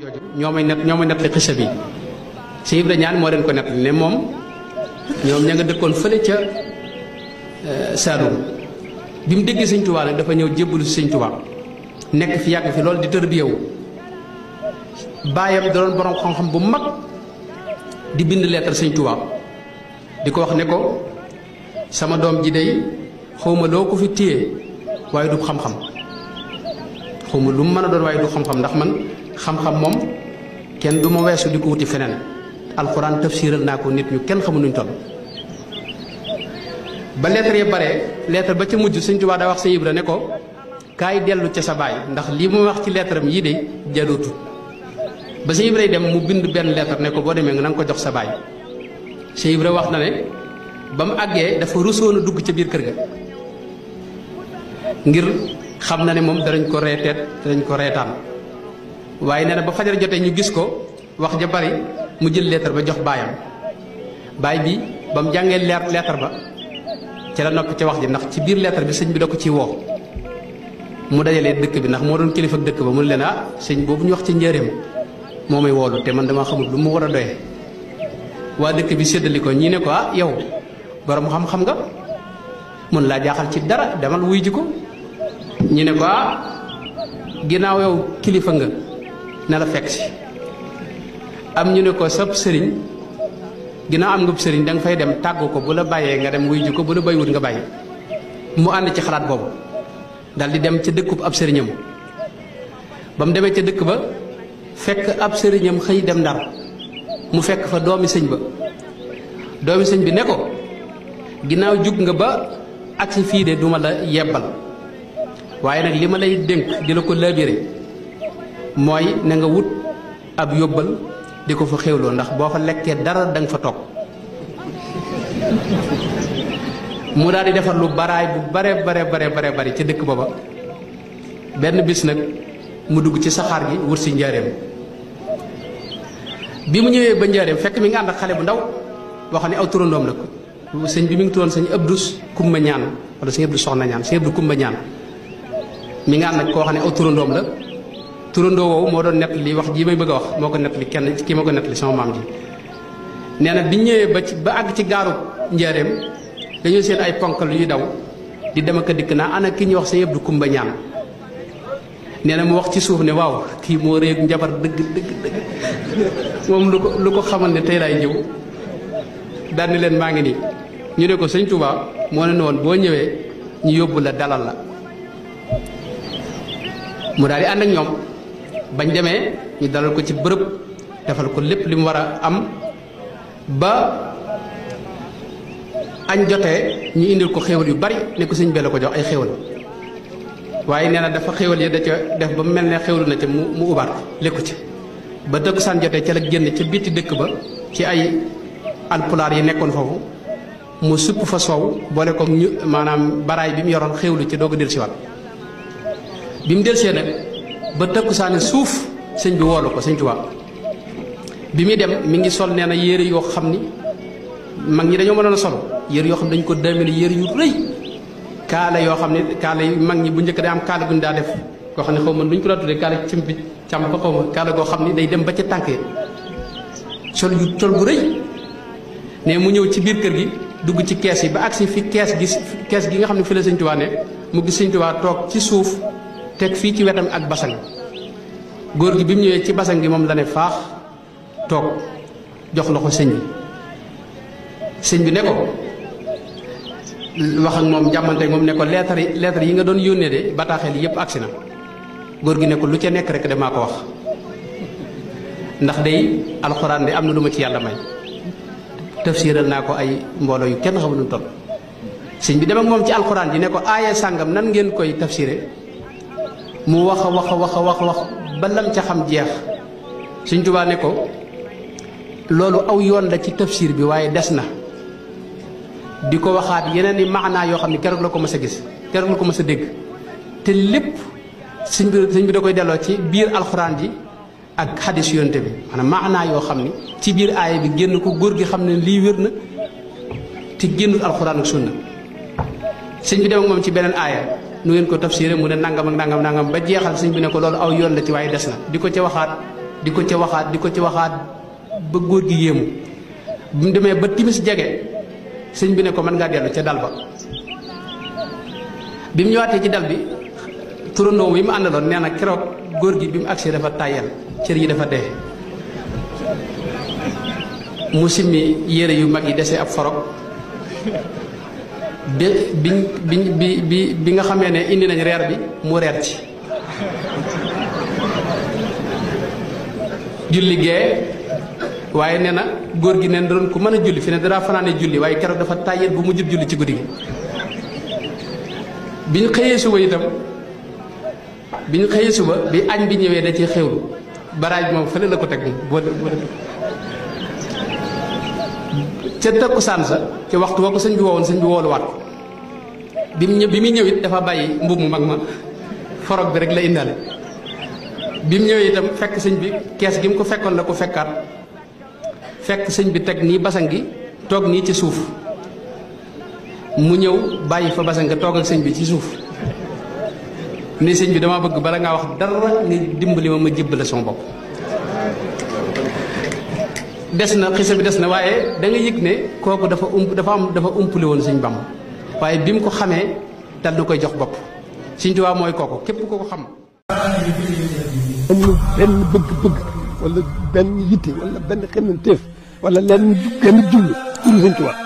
jooju ñoo may net ñoo may net li xisa bi si Ibra ñaan moo leen ko net ne moom ñoom ña nga dëkkoon fële ca eh, Saalum bi mu déggee sëñ Tuubaa dafa ñëw jébbalu si sëñ nekk fi yàgg fi loolu di tërbiyewu baayam da doon borom xam-xam bu mag di bind leetar sëñ Tuubaa di ko wax ne ko sama doom ji day xawma loo ko fi téye waaye du xam-xam xawma lu mu mën a doon waaye du xam-xam ndax man xam-xam mom kenn duma wessu diko wuti fenen alquran tafsiral nako nit ñu kenn xamu ñu tol ba lettre ye ya bare lettre ba ci mujju seigne touba da wax seigne ibra ne ko kay delu ci sa bay ndax lii mu wax ci lettre am yi de jalutu ba seigne ibra dem mu bind ben lettre ne ko bo demé nga ko jox sa bay seigne ibra wax na ne bam agge da dafa rusoon a dugg ca biir ngir xam ne mom dañ ko reeteet dañ ko waye neena ba fajar jotee ñu gis ko wax ja bari mu jël leetar ba jox bayam bay bi bam jangé jàngee leer leetar ba ci la noppi ci wax ji nak ci bir leetar bi señ bi da ko ciy woo mu dajalé dëkk bi nak mo doon kilifa dëkk ba mu leena ah, señ bobu ñu wax ci njëreem momay wolu té man dama xamul lu mu wara doy wa dëkk bi sédali ko ñi ne ko ah, yow borom xam-xam nga mun la jaxal ci dara demal wuy ji ñi ne ko ah yow kilifa nga na la fekk am ñu ne ko sab serigne gina am ngub serigne dang fay dem taggo ko bu la baye nga dem wuy ju ko bu la bàyyiwut nga baye mu and ci xalat bobu dal di dem ci dëkkub ab bam mu ci dekk ba fekk ab sëriñam xey dem dar mu fekk fa doomi serigne ba doomi serigne bi ne ko ginaaw juk nga ba ak fi de duma la yebbal waye nak lima lay denk dila ko labiré moy na nga wut ab yobbal di fa xewlo ndax boo fa lekkee dara dang fa tok mu di lu baray bu bare bare bare bare bare ci dekk baba ben bis nak mu dugg ci saxar gi wursi si bi mu ñewé ba njaareem fekk mi nga and xalé bu ndaw boo aw nak señ bi mi ngi turoon sëñ Abdus Kumba ñaan wala señ abdou soxna ñaan sëñ Abdus Kumba ñaan mi nga ànd ko xani aw la turandoo woowu moo doon nett li wax ji may bëgg a wax moo ko nett li kenn ki moo ko nett sama maam ji nee na bi ñëwee ba ci ba àgg ci gaaru njaareem dañu seen ay ponkal yu daw di dem ak dikk naa ana ki ñu wax sa yëpp du kumba ñaan nee na mu wax ci suuf ne waaw kii moo réeg njabar dëgg dëgg dëgg moom lu ko lu ko xamal ne tey laay ñëw daan ni leen maa ngi nii ñu ne ko sëñ Touba moo ne ne woon boo ñëwee ñu yóbbu la dalal la mu daal di ànd ak ñoom bañ démé ñu dalal ko ci bërepp defal ko lépp lim wara am ba añ joté ñu indil ko xéewal yu bari né ko señ bee ko jox ay xéewal waaye néna dafa xéewal ya da ca def ba melné mel xéewlu na ca mu mu ubaat lekku ci ba dëkk san joté ci la génn ci biti dëkk ba ci ay alpulaar yi nekkon fofu mu supp fa soow boole ko manam baray bi mu yoron xéewlu ci dir ci wat bi mu nak ba saani suuf sëñ bi woolu ko sëñ Tuubaa bi muy dem mi ngi sol nee na yére yoo xam ni mag ñi dañoo mënoon a solo yére yoo xam dañ ko demee yére yu rëy kaala yoo xam ne kaala yi mag ñi bu njëkk day am kaala daa def koo xam ne xaw ma lu ko daa tuddee kaala cëm bi càmm ko xaw ma kaala goo day dem ba ca tànk ya. sol yu tol bu rëy ne mu ñëw ci biir kër gi dugg ci kees yi ba fi kees gi kees gi nga xam ne fi la sëñ Tuubaa ne mu gis sëñ toog ci suuf tek fi ci wetam ak basang góor gi bi ñewé ci basang gi mom la né faax tok jox loxo señ bi señ bi né ko wax ak mom jamanté mom né ko lettre lettre yi nga doon de bataaxel yépp agsi na gi né ko lu ci nekk rek ko wax ndax day amna luma ci yalla may tafsiral nako ay mbolo yu kenn xamul nu toll sëñ bi dem ak mom ci alxuraan di ne ko aya sangam nan ngeen koy tafsire mu wax wax wax wax wax ba lam ca xam jeex Sëñ Tuubaa ne ko loolu aw yoon la ci tafsir bi waaye des na di ko waxaat yeneen i maanaa yoo xam ne keroog la ko mës a gis keroog la ko mës a dégg te lépp sëñ bi sëñ bi da koy delloo ci biir alxuraan ji ak xadis yonte bi maanaam maanaa yoo xam ne ci biir aaya bi génn ko góor gi xam ne lii wér na te génnul alxuraan ak sunna sëñ bi dem ak moom ci beneen aaya nu ngeen ko tafsiré mu ne nangam ak nangam nangam ba jeexal señ bi ne ko loolu aw yoon la ci waye des na diko ci waxat diko ci waxat diko ci di ba goor gi yéemu bu demee ba timis jégué señ bi ne ko man nga dellu ci dal ba bi ci dal bi turono wi mu andalon kérok goor gi bimu dafa cër yi dafa dé yu mag yi ab farok bi bi bi bi bi nga xamee ne indi nañ reer bi mu reer ci julli gee waaye nee na góor gi neen doon ku mën a julli fi ne dara fanaane julli waaye keroog dafa tàyyeel bu mujjub julli ci guddi gi biñ xëyee suba itam biñ xëyee suba bi añ bi ñëwee dañ ciy xewlu baraaj moom fële la ko teg moom boo boo ca tëkku san sa ci waxtu wa ko señ bi woon señ bi wolu wat bi mu bi dafa bayyi mbubb mu mag ma forog bi rek la indaale bi mu ñëwee itam fekk señ bi kess gi mu ko fekkon la ko fekkat fekk señ bi tek ni basang gi toog nii ci suuf mu ñew bayyi fa basang nga toog ak señ bi ci suuf ni señ bi dama bëgg bala nga wax dara ni dimbali ma ma jibbal sama bop des na xisa bi des na waaye da nga yëg ne kooku dafa ump dafa am dafa umpule woon Sëñ Bamba waaye bi mu ko xamee dal na koy jox bopp Sëñ Tuubaa mooy kooku képp ko ko xam. amul benn bëgg-bëgg wala benn yitte wala benn xemmanteef wala lenn benn julli pour Sëñ